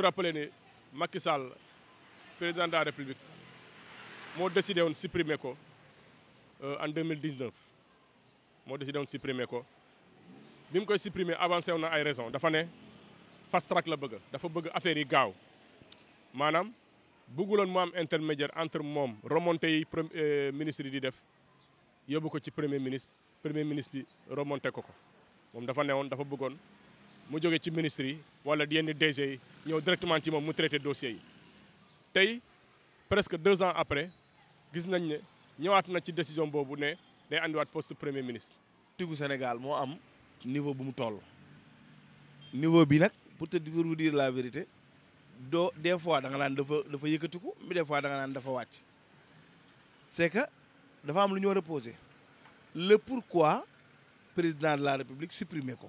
ñu rappeler ne Macky Sall président de la République moo décidé woon supprimer ko euh, en 2019 moo décidé woon supprimer ko Bim ko supprimer avancé woon ay raison dafa ne fast track la bëgg dafa bëgg affaire yi gaaw Manam bëggulon mo am intermédiaire entre mom remonté yi euh, ministre di def yobuko ci premier ministre premier ministre bi remonté ko ko moom dafa newoon dafa bëggone mu jóge ci ministère yi wala yenn DG yi ñëw directement ci moom mu traité dossier yi tey presque deux ans après gis nañ ne ñëwaat na ci décision boobu ne day andiwaat poste premier ministre. tigu Sénégal moo am niveau bu mu toll niveau bi nag pour te vous dire la vérité do des fois da nga naan dafa dafa yëkkatiku mais des fois da nga naan dafa wàcc c'est que dafa am lu ñoo reposer le pourquoi président de la république supprimer ko.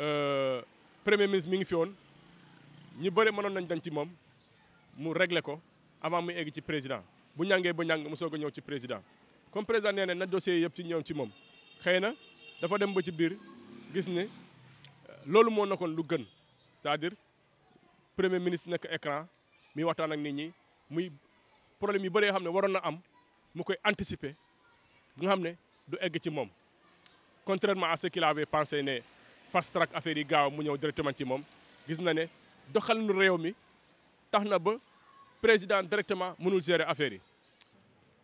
Euh, premier ministre mi ngi fi woon ñu bëri mënoon nañ dañ ci moom mu régler ko avant mu egg ci président bu ñàngee ba ñàng mu soog a ñëw ci président comme président nee na na yëpp ci ñëw ci moom xëy na dafa dem ba ci biir gis ne euh, loolu moo nekkoon lu gën c'est-à-dire premier ministre nekk écran muy waxtaan ak nit ñi muy problème yu bëree xam ne waroon na am mu koy anticiper nga xam ne du egg ci moom contrairement à ce qu'il avait pensé ne fast track affaire yi gaaw mu ñëw directement ci moom gis na ne doxalinu réew mi tax na ba président directement mënul gérer affaire yi.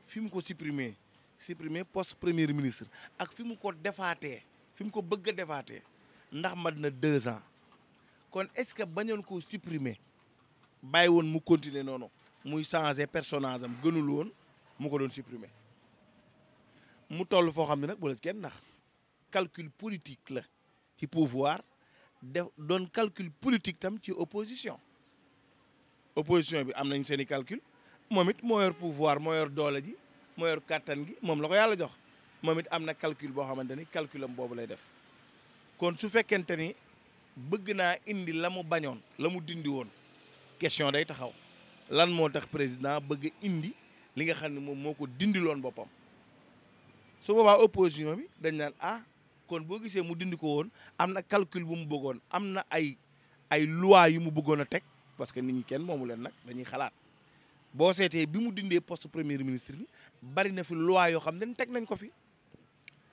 fi mu ko supprimer supprimer poste premier ministre ak fi mu ko defaatee fi mu ko bëgg a defaatee ndax mat na deux ans kon est-ce que bañoon ko supprimer bàyyi woon mu continuer noonu muy changer personnage am gënul woon mu ko doon supprimer mu toll foo xam ne nag bu la kenn calcul politique la ci pouvoir def doon calcul politique tam ci opposition opposition bi am nañ calcul Moi it moo yor pouvoir moo yor doole ji moo yor kàttan gi moom la ko yàlla jox moom it am calcul boo xamante ni calculam Quand lay def kon su fekkente ni bëgg naa indi la mu bañoon la mu dindi question day taxaw lan mo tax président bëgg indi li nga xamni mom moko moo ko dindiloon su boobaa opposition bi dañ naan ah kon boo gisee mu dindi ko woon am na calcul bu mu bëggoon am na ay ay loi yu mu bëggoon a teg parce que nit ñi kenn moomu leen nag dañuy xalaat boo seetee bi mu dindee poste premier ministre bi bari na fi loi yoo xam ne teg nañ ko fi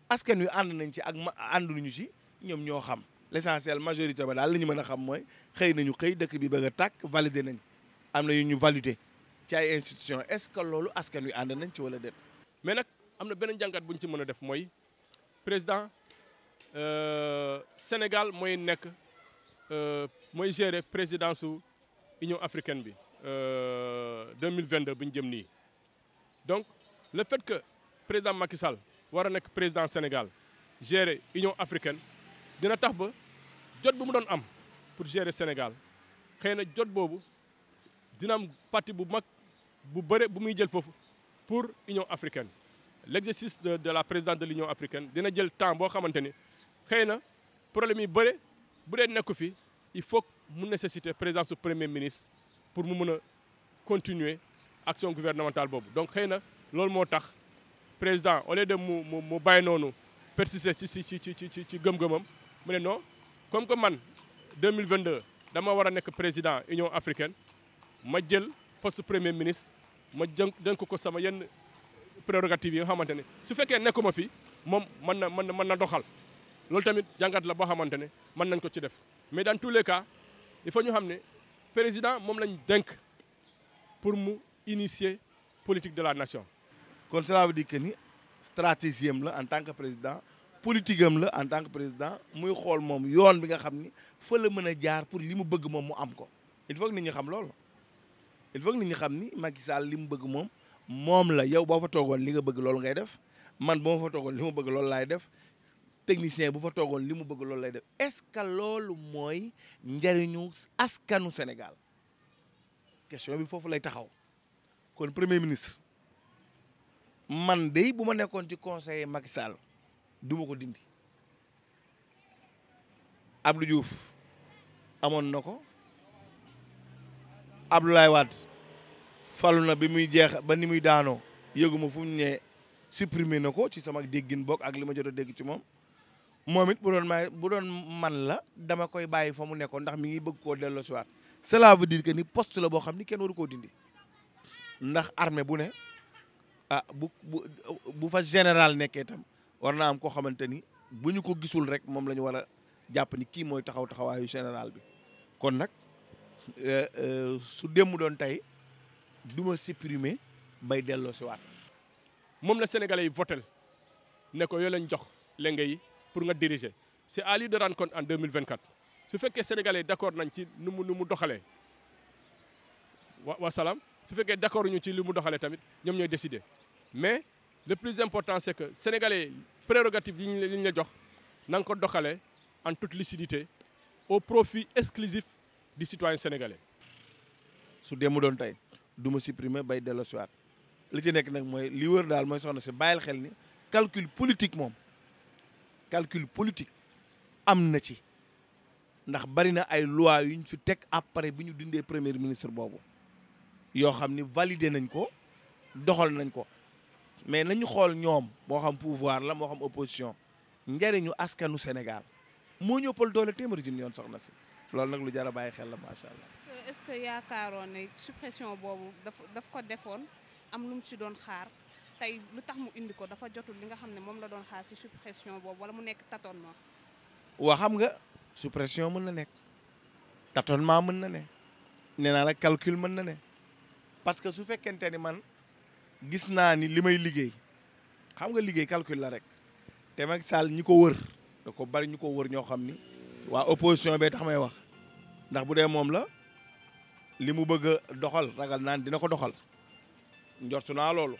askan wi ànd nañ ci ak ma ànduñu ci ñoom ñoo xam l'essentiel majorité ba daal li ñu mën a xam mooy xëy nañu xëy dëkk bi bëgg a tàkk valider nañ am na yu ñu valider ci ay institution loolu askan wi ànd nañ ci wala déet mais nag am na beneen jàngat bu ñu ci mën a def mooy président Euh, Sénégal nek nekk euh, moy présidence de Union africaine bi 2022 euh, donc le fait que président Macky Sall war nek président Sénégal gère Union africaine dina tax ba jot bu mu am pour gérer Sénégal xeyna y jot bobu dina am parti bu mak bu béré bu muy jël pour Union africaine l'exercice de la présidente de l'Union africaine dina jël temps bo xamanteni xëy problème yi bëre bu dee nekku fi il faut mu nécessiter présence au premier ministre pour mu mën a continuer action gouvernementale boobu donc xëy na loolu moo tax président au lieu de mu mu mu bàyyi noonu persister ci ci ci ci ci gëm-gëmam mu ne non comme que man 2022 dama war a nekk président Union africaine ma jël poste premier ministre ma jën dénk ko sama yenn prérogative yi nga xamante ne su fekkee nekkuma fi moom mën na mën na mën na doxal loolu tamit jàngat la boo xamante ne mën nañ ko ci def mais dans tous les cas il faut ñu xam ne président moom lañ dénk pour mu initier politique de la nation. kon cela veut dire que ni stratégie am la en tant que président politique am la en tant que président muy xool moom yoon bi nga xam ni fa la mën a jaar pour li mu bëgg moom mu am ko il faut que nit ñi xam loolu il faut que nit ñi xam ni Macky Sall li mu bëgg moom moom la yow boo fa toogoon li nga bëgg loolu ngay def man boo fa toogoon li mu bëgg loolu laay def. technicien bu fa toogoon li mu bëgg loolu lay def est-ce loolu mooy njariñu askanu senegal question bi foofu lay taxaw kon premier ministre man de bu ma nekkoon ci conseiller Macky Sall du ma ko dindi Abdou Diouf amoon na ko Abdoulaye Wade falu na bi muy jeex ba ni muy daanoo yëguma fu mu ne supprimer na ko ci sama déggin bokk ak li ma jot a dégg ci moom moom it bu doon may bu doon man la dama koy bàyyi fa mu nekkoon ndax mi ngi bëgg koo delloo si waat cela veut dire que ni poste la boo xam ni kenn waru koo dindi ndax armée bu ne ah bu bu bu fa général nekkee itam war naa am koo xamante ni bu ñu ko gisul rek moom lañu war a jàpp ni kii mooy taxaw taxawaayu général bi kon nag euh, euh, su démb doon tey duma ma bay delloo si waat moom la sénégalais yi votel ne ko lañ jox lenge yi pour nous diriger C'est à de rendre compte en 2024 Ce fait que les Sénégalais d'accord ci nous nous nous nous mais le plus important c'est que que sénégalais les prérogatives, ñu nous nous nous en toute lucidité au profit exclusif des citoyens sénégalais. su des moudons, nous supprimer calcul politique calcul politique amna ci ndax bari na ay loi yuñ fi tek après biñu ñu premier ministre bobu yo xamni valider nañ ko doxal nañ ko mais nañu xol ñom bo xam pouvoir la mo xam opposition njariñu askanu Sénégal mo ñëppal doole téeméeri junni yoon soxna si loolu nag lu jara baye xel la machallah est-ce que yaakaaroon ne suppression bobu daf daf ko defoon am lu ci doon xaar. Tay lu tax mu indi ko dafa jotul li nga xamne mom la doon xaar ci suppression boobu wala mu nek tâtonnement. wa xam nga suppression mën na nek tâtonnement mën na ne nee la calcul mën na ne parce que su fekente ni man gis na ni limay liggey xam nga liggey calcul la rek te mak sal ñiko wër da ko bari ñiko wër ño xamni wa opposition be tax may wax ndax bu mom la limu bëgg doxal ragal naan dina ko doxal ndortuna lolou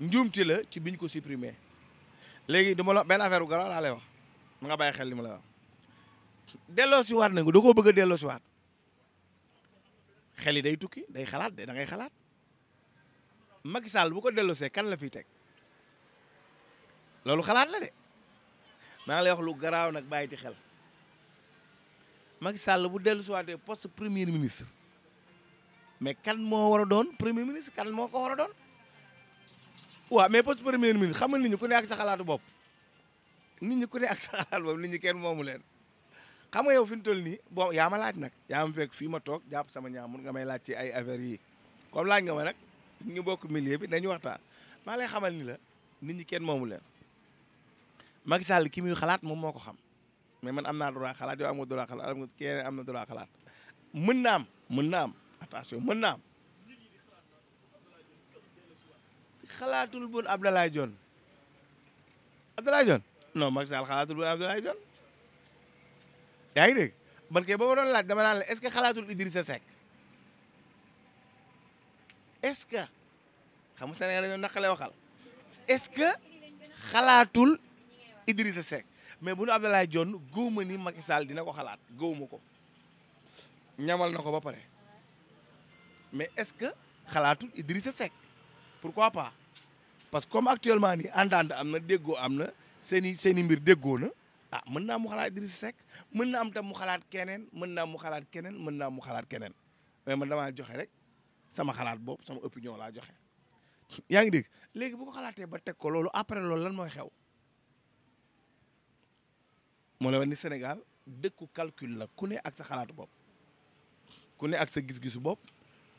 njuum njuumte la ci biñ ko supprimer léegi dama la benn a bu garaaw laa lay wax ma nga bàyyi xel li ma lay wax delloosiwaat nañ ko da koo bëgg a delloosiwaat xel yi day tukki day xalaat de da ngay xalaat Macky Sall bu ko delloosee kan la fiy teg loolu xalaat la de maa ngi wax lu garaaw nag bàyyi ci xel Macky Sall bu delloosiwaatee poste premier ministre mais kan moo war a doon premier ministre kan moo ko war a doon. waaw mais poste premier ministre xam nga nit ñi ku ne ak sa xalaatu bopp nit ñi ku ne ak sa xalaatu bopp nit ñi moomu leen xam nga yow fi mu toll nii bon yaa ma laaj nag yaa fek fekk fii ma toog jàpp sama mun nga may laaj ci ay affaires yi comme laaj nga ma nag ñu bokk milieu bi ñu waxtaan maa lay xamal ni la nit ñi kenn moomu leen Macky Sall ki muy xalaat moom moo ko xam mais man am naa droit xalaat yow am nga droit xalaat am nga keneen am na droit xalaat mën naa mën naa am attention mën naa am xalaatul bun Abdoulaye Dione Abdoulaye Dione non Macky Sall xalaatul bun Abdoulaye yaa ngi dégg man kay ba ma doon laaj dama naan la est-ce que xalaatul Idrissa Seck est-ce que xam nga Sénégal dañoo naqale waxal est-ce que xalaatul Idrissa Seck mais bu nu Abdoulaye Dione góoma ni Macky Sall dina ko xalaat góoma ko ñamal na ko ba pare mais est-ce que xalaatul Idrissa pourquoi pas parce que comme actuellement nii entente am na déggoo am na seen i seen i mbir déggoo na ah mën naa mu xalaat Idrissa Seck mën naa am tam mu xalaat keneen mën naa mu xalaat keneen mën naa mu xalaat keneen mais man damaa joxe rek sama xalaat boobu sama opinion laa joxe yaa ngi dégg léegi bu ko xalaatee ba teg ko loolu après loolu lan mooy xew moo la wax ni Sénégal dëkku calcul la ku ne ak sa xalaatu bopp ku ne ak sa gis-gisu bopp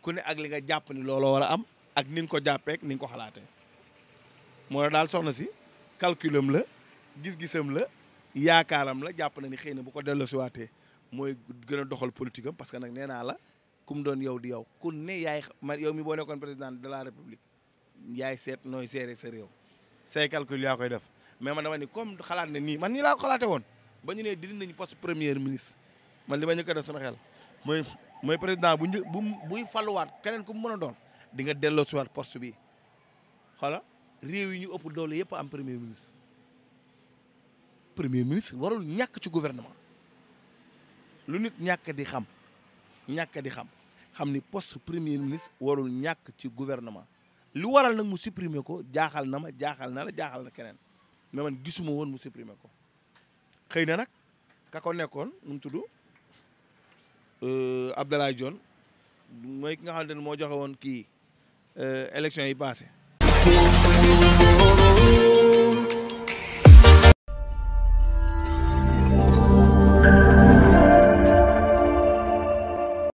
ku ne ak li nga jàpp ni looloo war a am ak ni nga ko jàppeek ni nga ko xalaatee moo daal soxna si calculam la gis-gisam la yaakaaram la jàpp na ni xëy na bu ko delloosiwaatee mooy gën a doxal politique am parce que nag nee naa la ku mu doon yow di yow ku ne yaay man yow mi boo nekkoon président de la république yaay seet nooy seere sa réew say yaa koy def mais man dama ni comme xalaat ne nii man nii laa ko xalaate woon ba ñu ne dindi nañu poste premier ministre man li ma ñu ko def sama xel mooy mooy président bu buy faluwaat keneen ku mu mën a doon di nga delloo siwaat poste bi xala réew yi ñu ëpp doole yëpp am premier ministre premier ministre warul ñàkk ci gouvernement lu nit ñàkk di xam ñàkk di xam xam ni poste premier ministre warul ñàkk ci gouvernement lu waral nag mu supprimer ko jaaxal na ma jaaxal na la jaaxal na keneen mais man gisuma woon mu supprimer ko xëy na nag ka ko nekkoon nu mu tudd euh, Abdoulaye Dione mooy ki nga xamante ne moo joxe Euh, élection yi passé